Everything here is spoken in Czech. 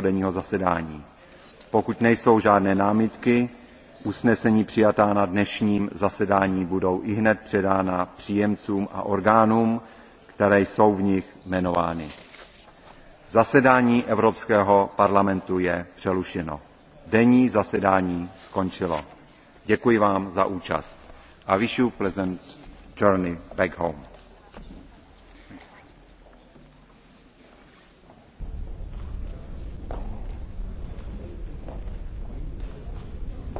denního zasedání. pokud nejsou žádné námitky usnesení přijatá na dnešním zasedání budou ihned předána příjemcům a orgánům které jsou v nich jmenovány. zasedání evropského parlamentu je přerušeno. denní zasedání skončilo. děkuji vám za účast. a wish you pleasant journey back home.